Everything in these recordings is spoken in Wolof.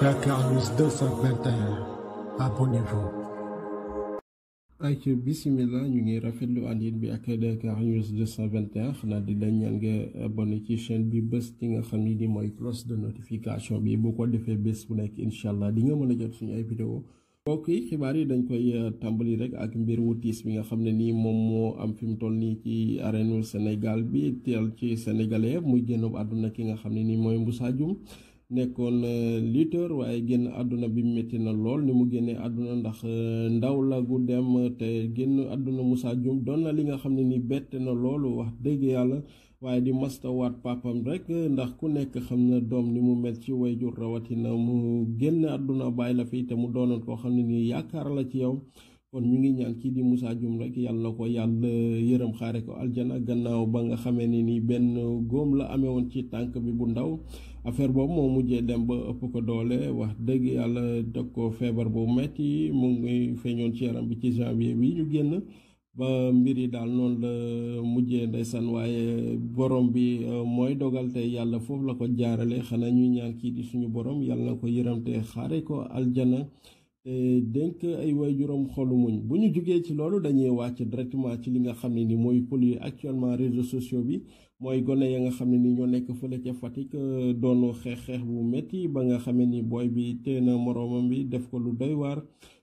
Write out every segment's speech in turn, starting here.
Dakar News 221 abonnez ñu ngi rafetlu àndit bi ak Dakar News 221 xanaa di la ñaan nga abonné ci chaîne bi bés ci nga xam ni di mooy cloche de notification bi bu ko defee bés bu nekk incha allah di nga mën a jot suñu ay vidéo. mbokk yi xibaar yi dañ koy euh, tàmbali rek ak mbir wu tiis bi nga xam ne nii moom moo am fi mu toll nii ci arène senegal bi teel ci sénégalais muy génn àdduna ki nga xam ne nii mooy Moussa Dioum nekkoon euh, lutteur waaye génn àdduna bi métti na lool ni mu génnee àdduna ndax euh, ndaw la gu dem te génn àdduna Moussa Dioum doon na li nga xam ne nii bett na loolu wax dëgg yàlla. waaye di mastawaat papam rek ndax ku nekk xam na doom ni mu mel ci wayjur rawatina mu génn àdduna bàyyi la fi te mu doonoon koo xam ne nii yaakaar la ci yow kon ñu ngi ñaan kii di Moussa Dioum rek yàlla na ko yàlla yërëm xaare ko aljana gannaaw ba nga xamee ne nii benn góom la amee woon ci tànk bi bu ndaw affaire boobu moo mujjee dem ba ëpp ko doole wax dëgg yàlla dog ko feebar bu metti mu ngi feeñoon ci yaram bi ci janvier bi ñu génn ba mbir yi daal noonu la mujjee ndeysaan waaye borom bi euh, mooy dogal tey yàlla foofu la ko jaarale xanaa ñuy ñaan kii di suñu borom yàlla na ko yëram xaare ko aljana te dénk ay juróom xolu muñ bu ñu jógee ci loolu dañuy wàcc directement ci li nga xam ni ni mooy pël yi actuellement réseaux sociaux bi mooy gone ya nga xam ne ni ñoo nekk fële ca Fatick euh, doon xeex xeex bu metti ba nga xam ni booy bi téye na moroomam bi def ko lu doy waar.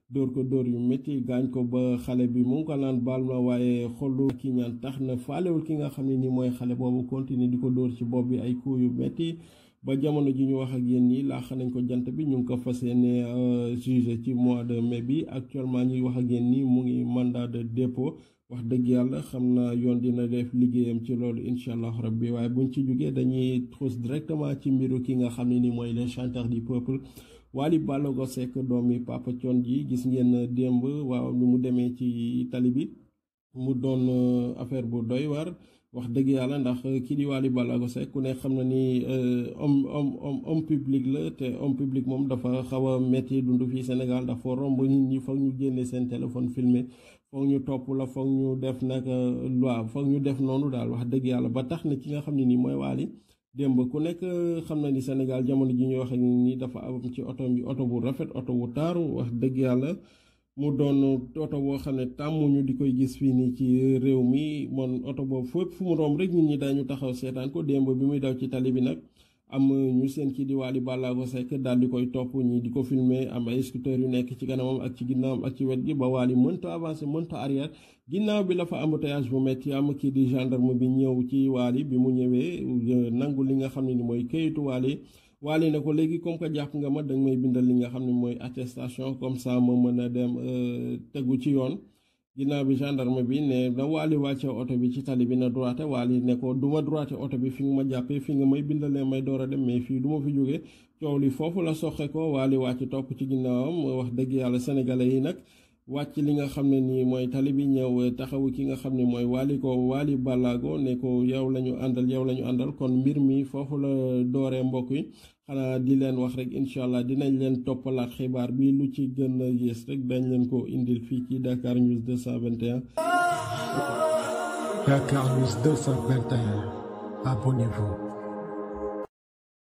dóor ko dóor yu métti gaañ ko ba xale bi mu ngi ko naan baal ma waaye xolu ki ñaan tax na faalewul ki nga xam ne ni mooy xale boobu continuer di ko dóor ci bopp bi ay coups yu métti ba jamono ji ñu wax ak yéen nii laax nañ ko jant bi ñu ngi ko fas yéene euh, jugé ci mois de mai bi actuellement ñuy wax ak yéen nii mu ngi mandat de dépo wax dëgg yàlla xam naa yoon dina def liggéeyam ci loolu incha allah bi waaye buñ ci jógee dañuy xuus directement ci mbiru ki nga xam ne ni mooy les chanteurs du peuple Wally Ballago Seck doomi Papa Thione ji gis ngeen euh, démb waaw ni mu demee ci tali bi mu doon euh, affaire bu doy war wax dëgg yàlla ndax euh, kii di Wally Ballago Seck ku ne xam na ni homme homme homme public la te homme public moom dafa xaw a metti dund fii Sénégal ndax foo romb nit ñi foog ñu génne seen téléphone filmé foog ñu topp la foog ñu def nag waaw foog ñu def noonu daal wax dëgg yàlla ba tax na ki nga xam ne nii mooy Wally démb ku nekk euh, xam na ni Sénégal jamono ji ñu wax ak ni dafa am ci oto bi oto bu rafet oto bu taaru wax dëgg yàlla mu doon oto boo xam ne tàmmuñu di koy gis fii nii ci réew mi moom oto boobu fépp fu mu romb rek nit ñi daañu taxaw seetaan ko démb bi muy daw ci tali bi nag. am ñu seen kii di Wally Ballago Seck daal di koy topp ñi di ko filmer am ay scooter yu nekk ci kanamam ak ci ginnaawam ak ci wet gi ba Wally mënta avancer mënta arrière ginnaaw bi la fa embouteillage bu metti am kii di gendarme bi ñëw ci Wally bi mu ñëwee euh, nangu li nga xam ne ni mooy këyitu Wally Wally na ko léegi comme que jàpp nga ma danga may bindal li nga xam ne mooy attestation comme ça ma mën a dem euh, tegu ci yoon ginnaaw bi gendarme bi ne da waali wàcce oto bi ci tali bi na droite waali ne ko du ma droite oto bi fi nga ma jàppee fi nga may bindalee may door a dem mais fii duma fi jógee coow li foofu la soxe ko waali wàcc topp ci ginnaawam wax dëgg yàlla sénégalais yi nag wàcc li nga xam ne nii mooy tali bi ñëw taxawu ki nga xam ne mooy waali ko waali bàllaago ne ko yow lañu àndal yow lañu àndal kon mbir mi foofu la dooree mbokk yi xanaa di leen wax rek incha allah dinañ leen toppalaat xibaar bi lu ci gën a yées rek dañ leen ko indil fii ci Dakar News 221. Dakar News 221